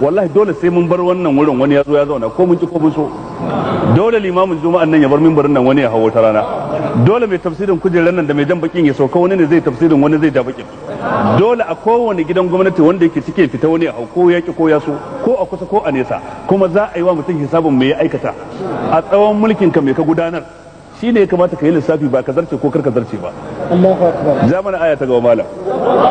wallahi dole sai mun bar wannan wurin wani ya zo ya zauna ko mun ci ko mun so dole limamin juma'an nan ya bar mimbarin nan wani ya hawo ta rana dole mai tafsirin kujerar nan da mai jan bakin ya sauka wani ne zai tafsirin wani zai ja bakin dole a kowane gidan gwamnati wanda yake cike fita wani ya hau ko ya ki ko ya so ko a kusa ko a nesa kuma za a yi wa mutum hisabin mai aikata a tsawon mulkin ka mai ka gudanar shine ya kamata ka yi lissafi ba ka zarce ko kar ka zarce ba Allahu aya ta gaba malam